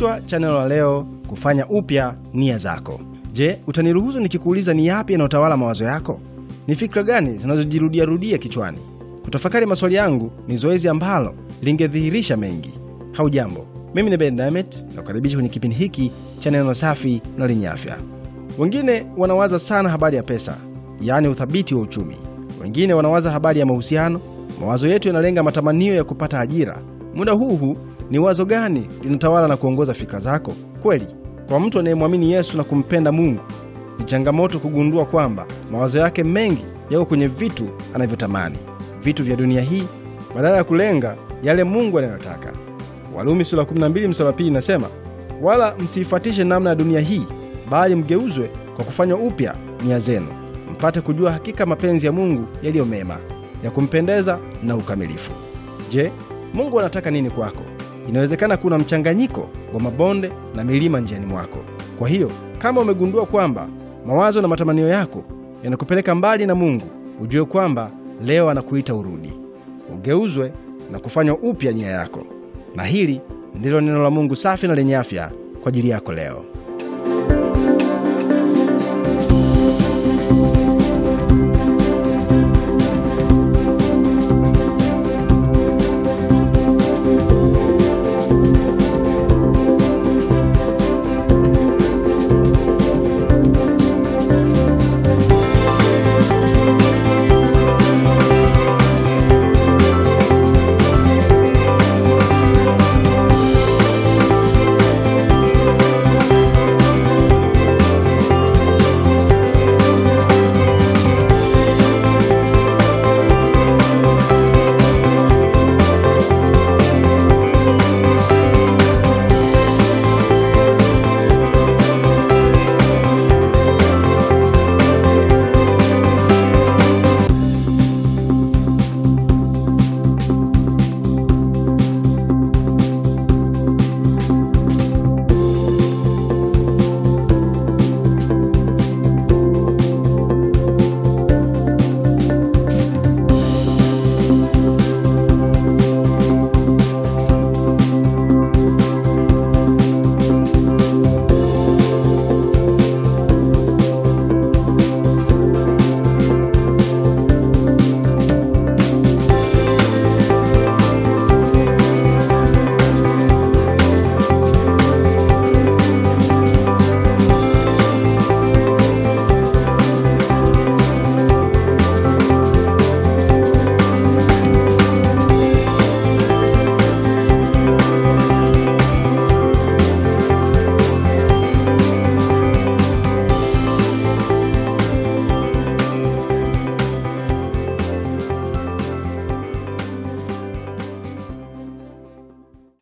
kichwa cha neno la leo, kufanya upya nia zako. Je, utaniruhusu nikikuuliza ni yapi yanayotawala mawazo yako? Ni fikra gani zinazojirudiarudia kichwani? Kutafakari maswali yangu ni zoezi ambalo lingedhihirisha mengi. hau jambo mimi ni Ben damet na kukaribisha kwenye kipindi hiki cha neno safi na lenye afya. Wengine wanawaza sana habari ya pesa, yaani uthabiti wa uchumi. Wengine wanawaza habari ya mahusiano. Mawazo yetu yanalenga matamanio ya kupata ajira. Muda huu ni wazo gani linatawala na kuongoza fikra zako? Kweli, kwa mtu anayemwamini Yesu na kumpenda Mungu ni changamoto kugundua kwamba mawazo yake mengi yako kwenye vitu anavyotamani, vitu vya dunia hii, badala ya kulenga yale Mungu anayotaka. walumi sula 12 mstari pili inasema, wala msiifuatishe namna ya dunia hii, bali mgeuzwe kwa kufanywa upya nia zenu, mpate kujua hakika mapenzi ya Mungu yaliyo mema, ya kumpendeza na ukamilifu. Je, Mungu anataka nini kwako? Inawezekana kuna mchanganyiko wa mabonde na milima njiani mwako. Kwa hiyo kama umegundua kwamba mawazo na matamanio yako yanakupeleka mbali na Mungu, ujue kwamba leo anakuita urudi, ugeuzwe na kufanywa upya nia yako. Na hili ndilo neno la Mungu safi na lenye afya kwa ajili yako leo.